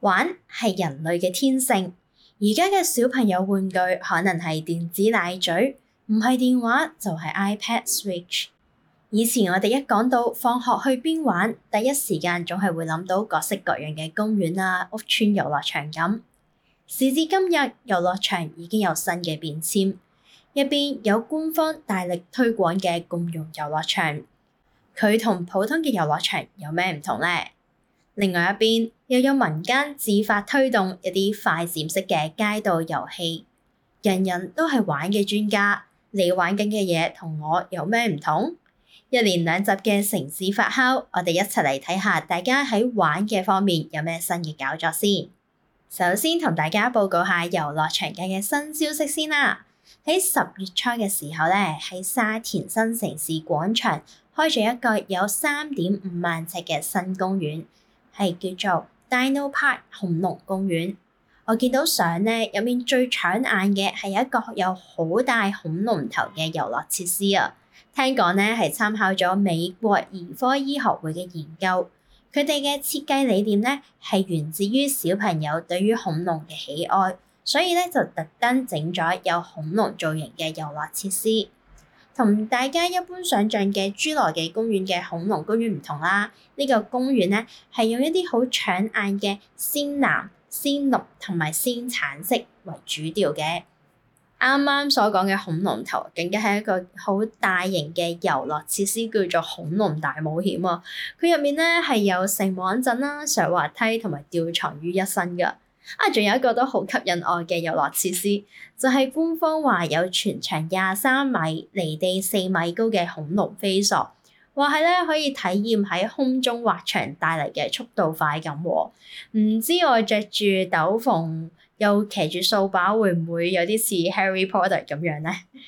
玩係人類嘅天性，而家嘅小朋友玩具可能係電子奶嘴，唔係電話就係 iPad Switch。以前我哋一講到放學去邊玩，第一時間總係會諗到各式各樣嘅公園啊、屋村遊樂場咁。時至今日，遊樂場已經有新嘅變遷，入邊有官方大力推廣嘅共用遊樂場，佢同普通嘅遊樂場有咩唔同咧？另外一邊，又有民間自發推動一啲快閃式嘅街道遊戲，人人都係玩嘅專家。你玩緊嘅嘢同我有咩唔同？一連兩集嘅城市發酵，我哋一齊嚟睇下大家喺玩嘅方面有咩新嘅搞作先。首先同大家報告下遊樂場界嘅新消息先啦。喺十月初嘅時候咧，喺沙田新城市廣場開咗一個有三點五萬呎嘅新公園，係叫做 Dino Park 恐龍公園，我見到相入面最搶眼嘅係一個有好大恐龍頭嘅遊樂設施啊！聽講呢係參考咗美國兒科醫學會嘅研究，佢哋嘅設計理念呢係源自於小朋友對於恐龍嘅喜愛，所以呢就特登整咗有恐龍造型嘅遊樂設施。同大家一般想像嘅侏羅紀公園嘅恐龍公園唔同啦，呢個公園咧係用一啲好搶眼嘅鮮藍、鮮綠同埋鮮橙色為主調嘅。啱啱所講嘅恐龍頭，更加係一個好大型嘅遊樂設施，叫做恐龍大冒險啊！佢入面咧係有繩網陣啦、上滑梯同埋吊床於一身㗎。啊，仲有一個都好吸引我嘅遊樂設施，就係官方話有全長廿三米、離地四米高嘅恐龍飛索，話係咧可以體驗喺空中滑翔帶嚟嘅速度快感。唔知我着住斗篷又騎住掃把，會唔會有啲似 Harry Potter 咁樣咧？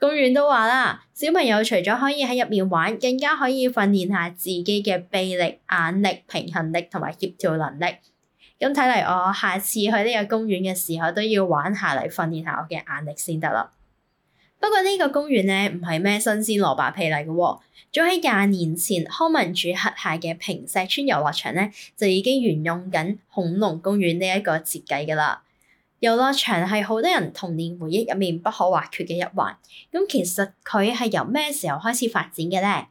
公園都話啦，小朋友除咗可以喺入面玩，更加可以訓練下自己嘅臂力、眼力、平衡力同埋協調能力。咁睇嚟，我下次去呢個公園嘅時候，都要玩下嚟訓練下我嘅眼力先得啦。不過呢個公園咧，唔係咩新鮮蘿蔔皮嚟嘅喎，早喺廿年前康文署轄下嘅平石村遊樂場咧，就已經沿用緊恐龍公園呢一個設計㗎喇。遊樂場係好多人童年回憶入面不可或缺嘅一環。咁其實佢係由咩時候開始發展嘅呢？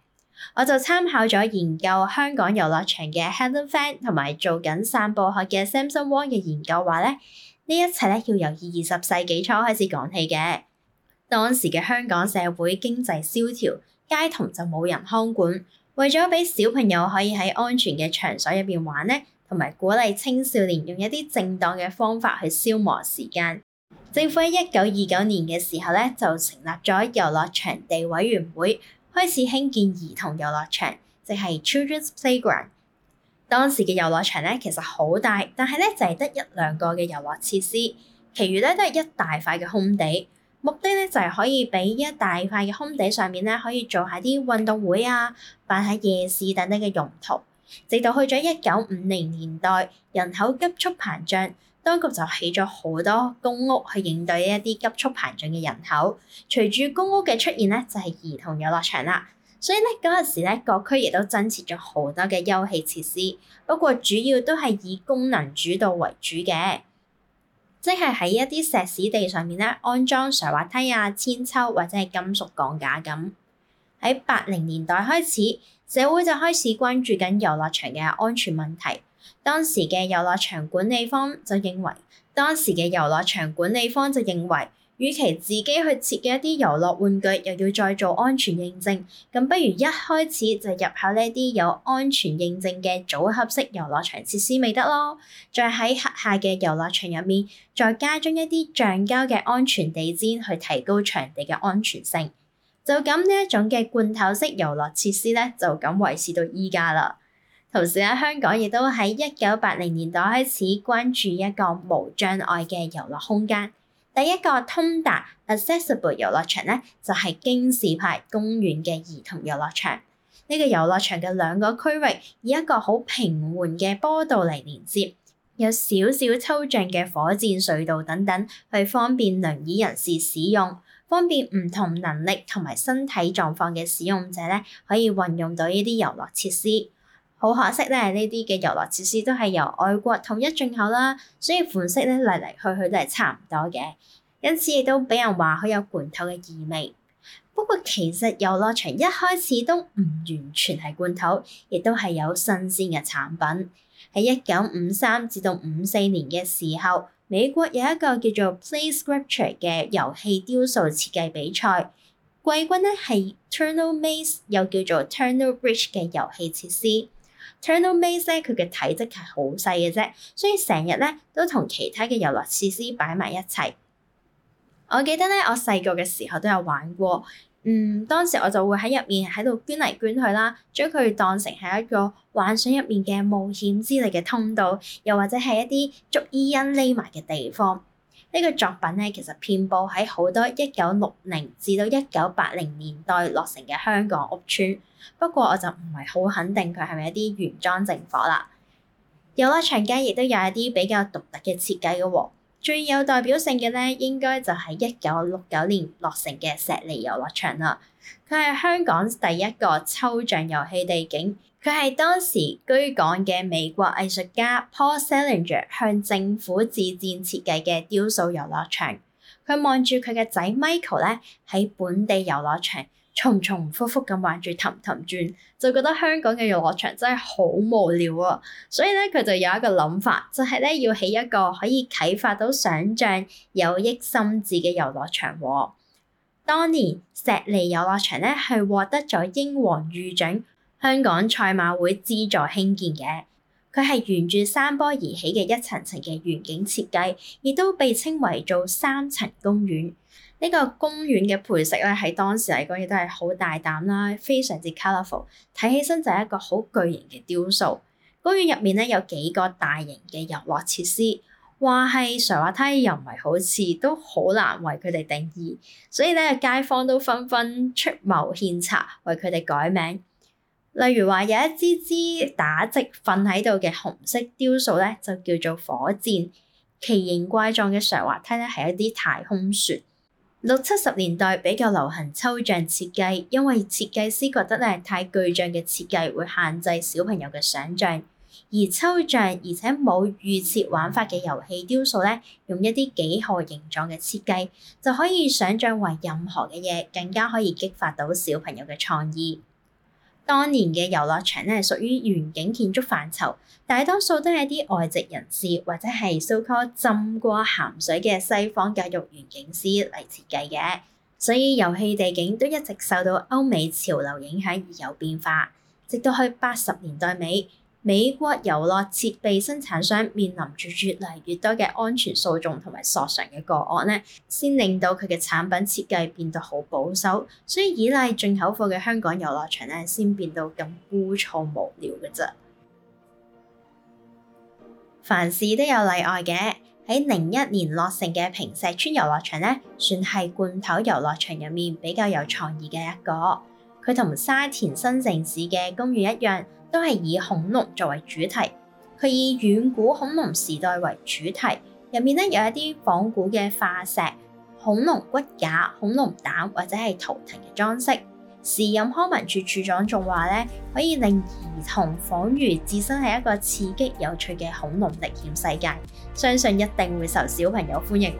我就參考咗研究香港遊樂場嘅 Helen Fan 同埋做緊散步學嘅 Samson Wong 嘅研究，話咧呢一切咧要由二十世紀初開始講起嘅。當時嘅香港社會經濟蕭條，街童就冇人看管，為咗俾小朋友可以喺安全嘅場所入邊玩咧，同埋鼓勵青少年用一啲正當嘅方法去消磨時間，政府喺一九二九年嘅時候咧就成立咗遊樂場地委員會。開始興建兒童遊樂場，即係 Children's Playground。當時嘅遊樂場咧，其實好大，但係咧就係得一兩個嘅遊樂設施，其餘咧都係一大塊嘅空地。目的咧就係可以畀一大塊嘅空地上面咧，可以做下啲運動會啊、辦下夜市等等嘅用途。直到去咗一九五零年代，人口急速膨脹。當局就起咗好多公屋去應對一啲急速膨脹嘅人口。隨住公屋嘅出現咧，就係兒童遊樂場啦。所以咧，嗰陣時咧，各區亦都增設咗好多嘅休憩設施。不過主要都係以功能主導為主嘅，即係喺一啲石屎地上面咧，安裝斜滑梯啊、韆鞦或者係金屬鋼架咁。喺八零年代開始，社會就開始關注緊遊樂場嘅安全問題。當時嘅遊樂場管理方就認為，當時嘅遊樂場管理方就認為，與其自己去設計一啲遊樂玩具，又要再做安全認證，咁不如一開始就入口呢啲有安全認證嘅組合式遊樂場設施，咪得咯。再喺轄下嘅遊樂場入面，再加裝一啲橡膠嘅安全地氈，去提高場地嘅安全性。就咁呢一種嘅罐頭式遊樂設施咧，就咁維持到依家啦。同時喺香港，亦都喺一九八零年代開始關注一個無障礙嘅遊樂空間。第一個通達 accessible 遊樂場咧，就係京士柏公園嘅兒童遊樂場。呢個遊樂場嘅兩個區域以一個好平緩嘅坡道嚟連接，有少少抽象嘅火箭隧道等等，去方便輪椅人士使用，方便唔同能力同埋身體狀況嘅使用者咧，可以運用到呢啲遊樂設施。好可惜咧，呢啲嘅遊樂設施都係由外國統一進口啦，所以款式咧嚟嚟去去都係差唔多嘅，因此亦都俾人話佢有罐頭嘅意味。不過其實遊樂場一開始都唔完全係罐頭，亦都係有新鮮嘅產品。喺一九五三至到五四年嘅時候，美國有一個叫做 Play Sculpture 嘅遊戲雕塑設計比賽，季軍咧係 Tunnel Maze，又叫做 Tunnel Bridge 嘅遊戲設施。Terminal Maze 咧，佢嘅體積係好細嘅啫，所以成日咧都同其他嘅遊樂設施擺埋一齊。我記得咧，我細個嘅時候都有玩過，嗯，當時我就會喺入面喺度捐嚟捐去啦，將佢當成係一個幻想入面嘅冒險之類嘅通道，又或者係一啲捉伊恩匿埋嘅地方。呢個作品咧，其實遍佈喺好多一九六零至到一九八零年代落成嘅香港屋邨，不過我就唔係好肯定佢係咪一啲原裝正貨啦。遊樂場街亦都有一啲比較獨特嘅設計嘅喎，最有代表性嘅咧，應該就係一九六九年落成嘅石梨遊樂場啦。佢係香港第一個抽象遊戲地景。佢係當時居港嘅美國藝術家 Paul Salinger 向政府自薦設計嘅雕塑遊樂場。佢望住佢嘅仔 Michael 咧喺本地遊樂場重重復復咁玩住氹氹轉，就覺得香港嘅遊樂場真係好無聊啊！所以咧，佢就有一個諗法，就係、是、咧要起一個可以啟發到想像、有益心智嘅遊樂場。當年石籬遊樂場咧係獲得咗英皇御獎。香港賽馬會資助興建嘅，佢係沿住山坡而起嘅一層層嘅園景設計，亦都被稱為做三層公園。呢個公園嘅配色咧，喺當時嚟講亦都係好大膽啦，非常之 colourful，睇起身就係一個好巨型嘅雕塑。公園入面咧有幾個大型嘅遊樂設施，話係滑滑梯又唔係，好似都好難為佢哋定義，所以咧街坊都紛紛出謀獻策，為佢哋改名。例如話，有一支支打直瞓喺度嘅紅色雕塑呢就叫做火箭；奇形怪狀嘅上滑梯呢係一啲太空船。六七十年代比較流行抽象設計，因為設計師覺得呢太具象嘅設計會限制小朋友嘅想像，而抽象而且冇預設玩法嘅遊戲雕塑呢用一啲幾何形狀嘅設計就可以想像為任何嘅嘢，更加可以激發到小朋友嘅創意。當年嘅遊樂場咧，屬於園景建築範疇，大多數都係啲外籍人士或者係 so-called 浸過鹹水嘅西方教育園境師嚟設計嘅，所以遊戲地景都一直受到歐美潮流影響而有變化，直到去八十年代尾。美國遊樂設備生產商面臨住越嚟越多嘅安全訴訟同埋索償嘅個案呢，先令到佢嘅產品設計變得好保守，所以依賴進口貨嘅香港遊樂場呢，先變到咁枯燥無聊嘅啫。凡事都有例外嘅，喺零一年落成嘅坪石邨遊樂場呢，算係罐頭遊樂場入面比較有創意嘅一個。佢同沙田新城市嘅公園一樣。都係以恐龍作為主題，佢以遠古恐龍時代為主題，入面咧有一啲仿古嘅化石、恐龍骨架、恐龍蛋或者係圖騰嘅裝飾。時任康文署署長仲話咧，可以令兒童仿如置身喺一個刺激有趣嘅恐龍歷險世界，相信一定會受小朋友歡迎。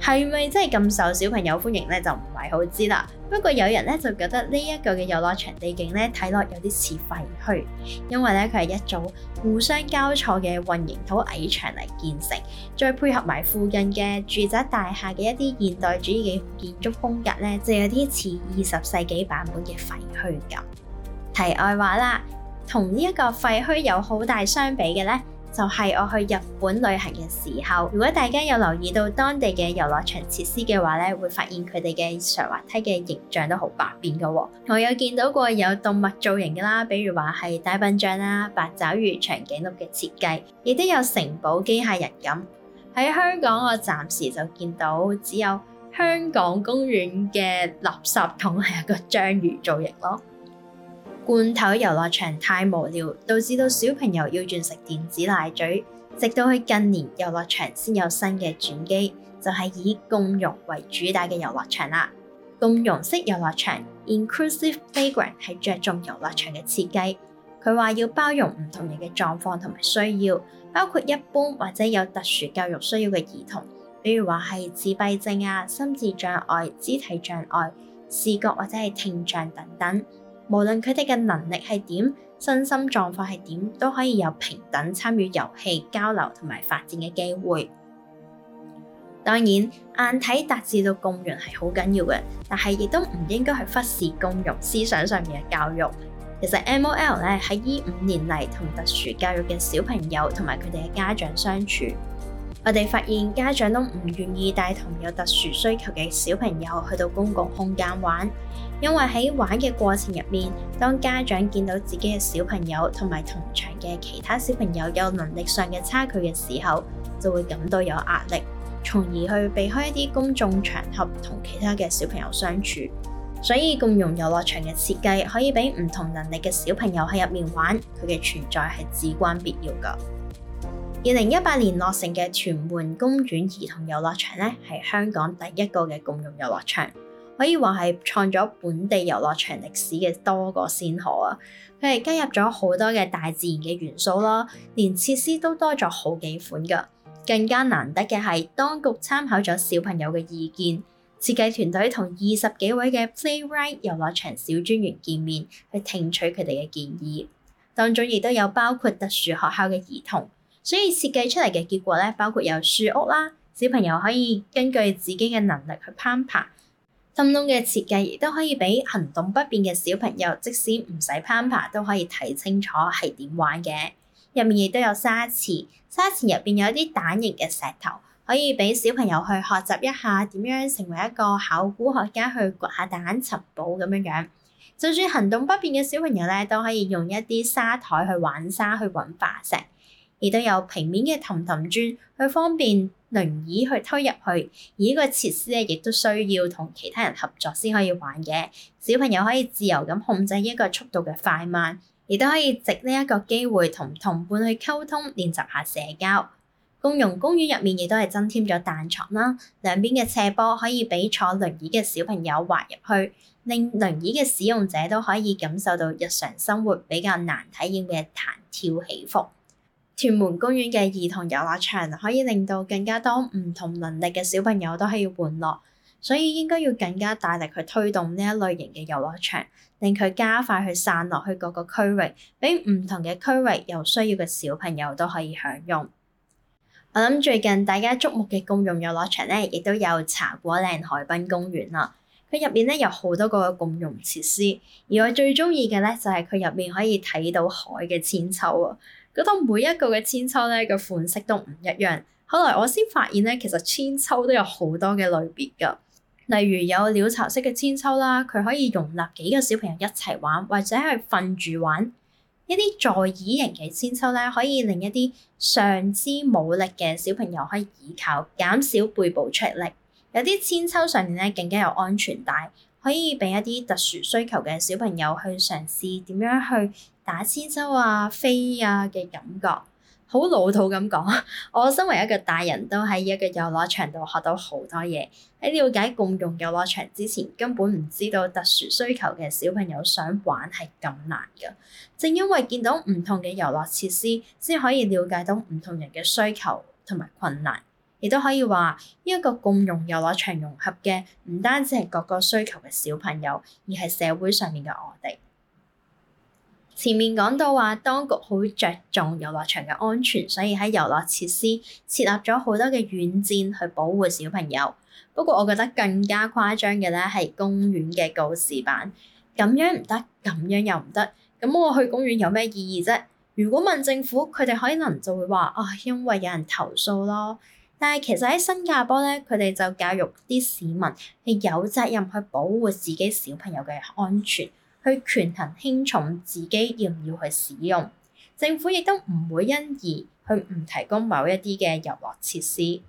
係咪真係咁受小朋友歡迎呢？就唔係好知啦。不過有人呢，就覺得呢一個嘅遊樂場地景呢，睇落有啲似廢墟，因為呢，佢係一組互相交錯嘅混凝土矮牆嚟建成，再配合埋附近嘅住宅大廈嘅一啲現代主義嘅建築風格呢，就有啲似二十世紀版本嘅廢墟咁。題外話啦，同呢一個廢墟有好大相比嘅呢。就係我去日本旅行嘅時候，如果大家有留意到當地嘅遊樂場設施嘅話咧，會發現佢哋嘅上滑梯嘅形象都好百變嘅喎、哦。我有見到過有動物造型嘅啦，比如話係大笨象啦、八爪魚、長頸鹿嘅設計，亦都有城堡機械人咁。喺香港，我暫時就見到只有香港公園嘅垃圾桶係一個章魚造型咯。罐頭遊樂場太無聊，導致到小朋友要轉食電子奶嘴，直到去近年遊樂場先有新嘅轉機，就係以共融為主打嘅遊樂場啦。共融式遊樂場 （inclusive playground） 係着重遊樂場嘅設計，佢話要包容唔同人嘅狀況同埋需要，包括一般或者有特殊教育需要嘅兒童，比如話係自閉症啊、心智障礙、肢體障礙、視覺或者係聽障等等。無論佢哋嘅能力係點，身心狀況係點，都可以有平等參與遊戲、交流同埋發展嘅機會。當然，硬體達至到共融係好緊要嘅，但係亦都唔應該去忽視共融思想上面嘅教育。其實 MOL 咧喺呢在五年嚟，同特殊教育嘅小朋友同埋佢哋嘅家長相處。我哋發現家長都唔願意帶同有特殊需求嘅小朋友去到公共空間玩，因為喺玩嘅過程入面，當家長見到自己嘅小朋友同埋同場嘅其他小朋友有能力上嘅差距嘅時候，就會感到有壓力，從而去避開一啲公眾場合同其他嘅小朋友相處。所以共融遊樂場嘅設計可以俾唔同能力嘅小朋友喺入面玩，佢嘅存在係至關必要㗎。二零一八年落成嘅屯門公園兒童遊樂場咧，係香港第一個嘅共融遊樂場，可以話係創咗本地遊樂場歷史嘅多個先河啊！佢係加入咗好多嘅大自然嘅元素啦，連設施都多咗好幾款噶。更加難得嘅係，當局參考咗小朋友嘅意見，設計團隊同二十幾位嘅 Play Right 遊樂場小專員見面，去聽取佢哋嘅建議，當中亦都有包括特殊學校嘅兒童。所以設計出嚟嘅結果咧，包括有樹屋啦，小朋友可以根據自己嘅能力去攀爬。心窿嘅設計亦都可以俾行動不便嘅小朋友，即使唔使攀爬都可以睇清楚係點玩嘅。入面亦都有沙池，沙池入面有啲蛋形嘅石頭，可以俾小朋友去學習一下點樣成為一個考古學家去掘下蛋尋寶咁樣。就算行動不便嘅小朋友咧，都可以用一啲沙台去玩沙去揾化石。亦都有平面嘅氹氹轉，去方便輪椅去推入去。而呢個設施咧，亦都需要同其他人合作先可以玩嘅。小朋友可以自由咁控制一個速度嘅快慢，亦都可以藉呢一個機會同同伴去溝通，練習下社交。共融公園入面亦都係增添咗彈床啦，兩邊嘅斜坡可以俾坐輪椅嘅小朋友滑入去，令輪椅嘅使用者都可以感受到日常生活比較難體驗嘅彈跳起伏。屯門公園嘅兒童遊樂場可以令到更加多唔同能力嘅小朋友都可以玩樂，所以應該要更加大力去推動呢一類型嘅遊樂場，令佢加快去散落去各個區域，俾唔同嘅區域有需要嘅小朋友都可以享用。我諗最近大家矚目嘅共融遊樂場咧，亦都有茶果嶺海濱公園啦。佢入面咧有好多個共融設施，而我最中意嘅咧就係佢入面可以睇到海嘅韆鞦啊！覺得每一個嘅千秋咧，個款式都唔一樣。後來我先發現咧，其實千秋都有好多嘅類別噶，例如有鳥巢式嘅千秋啦，佢可以容納幾個小朋友一齊玩，或者係瞓住玩。一啲座椅型嘅千秋咧，可以令一啲上肢冇力嘅小朋友可以倚靠，減少背部出力。有啲千秋上面咧更加有安全帶，可以俾一啲特殊需求嘅小朋友去嘗試點樣去。打韆鞦啊、飛啊嘅感覺，好老土咁講。我身為一個大人都喺一個遊樂場度學到好多嘢。喺了解共融遊樂場之前，根本唔知道特殊需求嘅小朋友想玩係咁難㗎。正因為見到唔同嘅遊樂設施，先可以了解到唔同人嘅需求同埋困難，亦都可以話呢一個共融遊樂場融合嘅唔單止係各個需求嘅小朋友，而係社會上面嘅我哋。前面講到話，當局好着重遊樂場嘅安全，所以喺遊樂設施設立咗好多嘅軟墊去保護小朋友。不過我覺得更加誇張嘅咧係公園嘅告示板，咁樣唔得，咁樣又唔得，咁我去公園有咩意義啫？如果問政府，佢哋可能就會話啊、哦，因為有人投訴咯。但係其實喺新加坡咧，佢哋就教育啲市民係有責任去保護自己小朋友嘅安全。去權衡輕重，自己要唔要去使用。政府亦都唔會因而去唔提供某一啲嘅遊樂設施。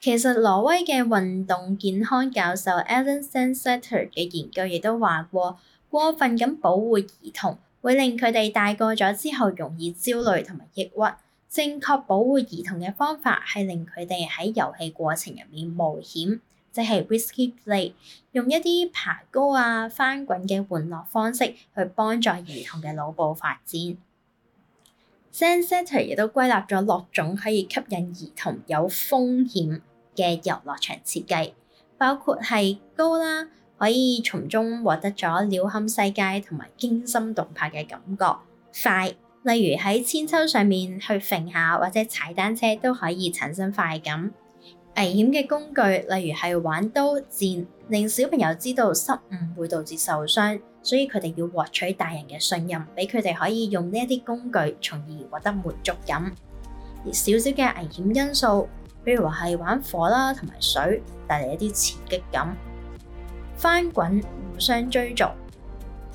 其實挪威嘅運動健康教授 Ellen Sandseter 嘅研究亦都話過，過分咁保護兒童會令佢哋大個咗之後容易焦慮同埋抑鬱。正確保護兒童嘅方法係令佢哋喺遊戲過程入面冒險。即係 risk play，用一啲爬高啊、翻滾嘅玩樂方式去幫助兒童嘅腦部發展。Sandseter 亦都歸納咗六種可以吸引兒童有風險嘅遊樂場設計，包括係高啦，可以從中獲得咗鳥瞰世界同埋驚心動魄嘅感覺。快，例如喺韆鞦上面去揈下或者踩單車都可以產生快感。危險嘅工具，例如係玩刀劍，令小朋友知道失誤會導致受傷，所以佢哋要獲取大人嘅信任，俾佢哋可以用呢一啲工具，從而獲得滿足感。而少少嘅危險因素，比如話係玩火啦，同埋水，帶來一啲刺激感，翻滾、互相追逐，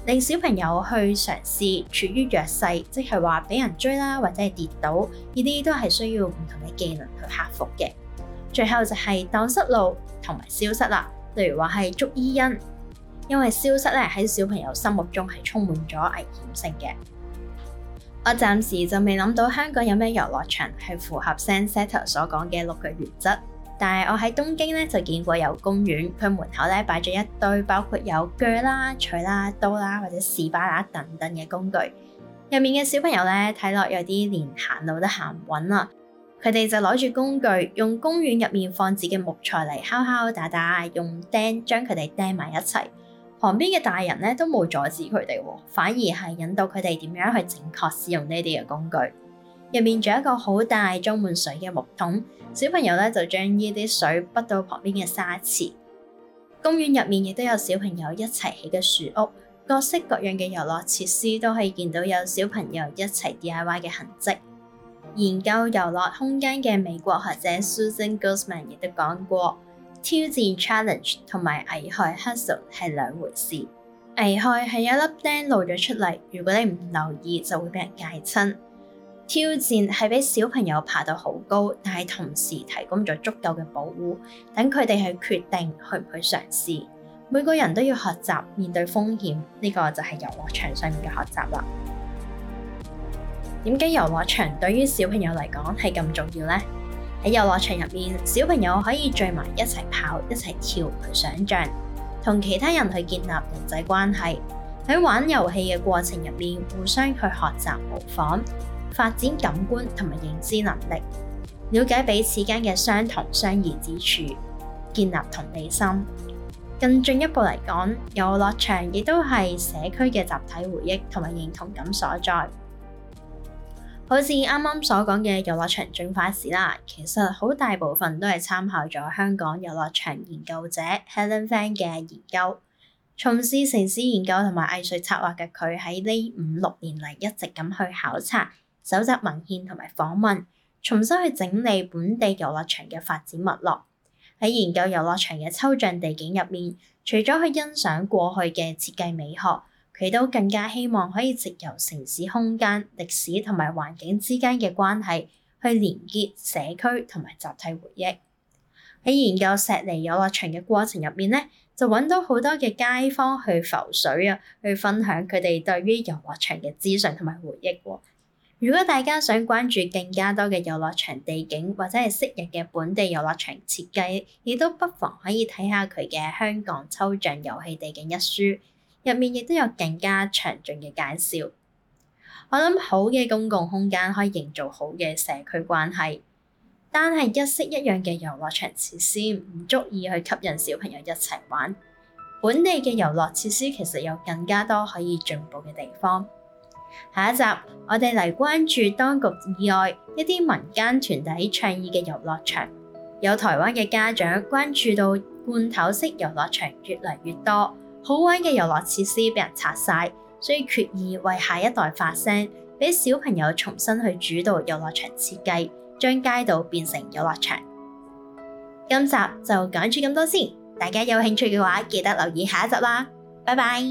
令小朋友去嘗試處於弱勢，即係話俾人追啦，或者係跌倒，呢啲都係需要唔同嘅技能去克服嘅。最後就係蕩失路同埋消失啦，例如話係捉伊因，因為消失咧喺小朋友心目中係充滿咗危險性嘅。我暫時就未諗到香港有咩遊樂場係符合 Sanseta 所講嘅六個原則，但係我喺東京咧就見過有公園，佢門口咧擺咗一堆包括有鋸啦、錘啦、刀啦或者士巴拿等等嘅工具，入面嘅小朋友咧睇落有啲連行路都行唔穩啦。佢哋就攞住工具，用公園入面放置嘅木材嚟敲敲打打，用釘將佢哋釘埋一齊。旁邊嘅大人咧都冇阻止佢哋，反而係引導佢哋點樣去正確使用呢啲嘅工具。入面仲有一個好大裝滿水嘅木桶，小朋友咧就將呢啲水潑到旁邊嘅沙池。公園入面亦都有小朋友一齊起嘅樹屋，各式各樣嘅遊樂設施都可以見到有小朋友一齊 DIY 嘅痕跡。研究遊樂空間嘅美國學者 Susan Guzman 亦都講過，挑戰 challenge 同埋危害 hazard 係兩回事。危害係一粒釘露咗出嚟，如果你唔留意就會俾人戒親。挑戰係俾小朋友爬到好高，但係同時提供咗足夠嘅保護，等佢哋去決定去唔去嘗試。每個人都要學習面對風險，呢個就係遊樂場上面嘅學習啦。點解遊樂場對於小朋友嚟講係咁重要呢？喺遊樂場入面，小朋友可以聚埋一齊跑、一齊跳、去想象，同其他人去建立人際關係。喺玩遊戲嘅過程入面，互相去學習模仿，發展感官同埋認知能力，了解彼此間嘅相同、相異之處，建立同理心。更進一步嚟講，遊樂場亦都係社區嘅集體回憶同埋認同感所在。好似啱啱所講嘅遊樂場進化史啦，其實好大部分都係參考咗香港遊樂場研究者 Helen Fan 嘅研究。從事城市研究同埋藝術策劃嘅佢，喺呢五六年嚟一直咁去考察、搜集文獻同埋訪問，重新去整理本地遊樂場嘅發展脈絡。喺研究遊樂場嘅抽象地景入面，除咗去欣賞過去嘅設計美學，佢都更加希望可以藉由城市空間歷史同埋環境之間嘅關係去連結社區同埋集體回憶。喺研究石梨遊樂場嘅過程入面咧，就揾到好多嘅街坊去浮水啊，去分享佢哋對於遊樂場嘅資訊同埋回憶。如果大家想關注更加多嘅遊樂場地景或者係昔日嘅本地遊樂場設計，亦都不妨可以睇下佢嘅《香港抽象遊戲地景》一書。入面亦都有更加詳盡嘅介紹。我諗好嘅公共空間可以營造好嘅社區關係，但係一式一樣嘅遊樂場設施唔足以去吸引小朋友一齊玩。本地嘅遊樂設施其實有更加多可以進步嘅地方。下一集我哋嚟關注當局以外一啲民間團體倡議嘅遊樂場，有台灣嘅家長關注到罐頭式遊樂場越嚟越多。好玩嘅遊樂設施被人拆晒，所以決意為下一代發聲，俾小朋友重新去主導遊樂場設計，將街道變成遊樂場。今集就講住咁多先，大家有興趣嘅話，記得留意下一集啦，拜拜。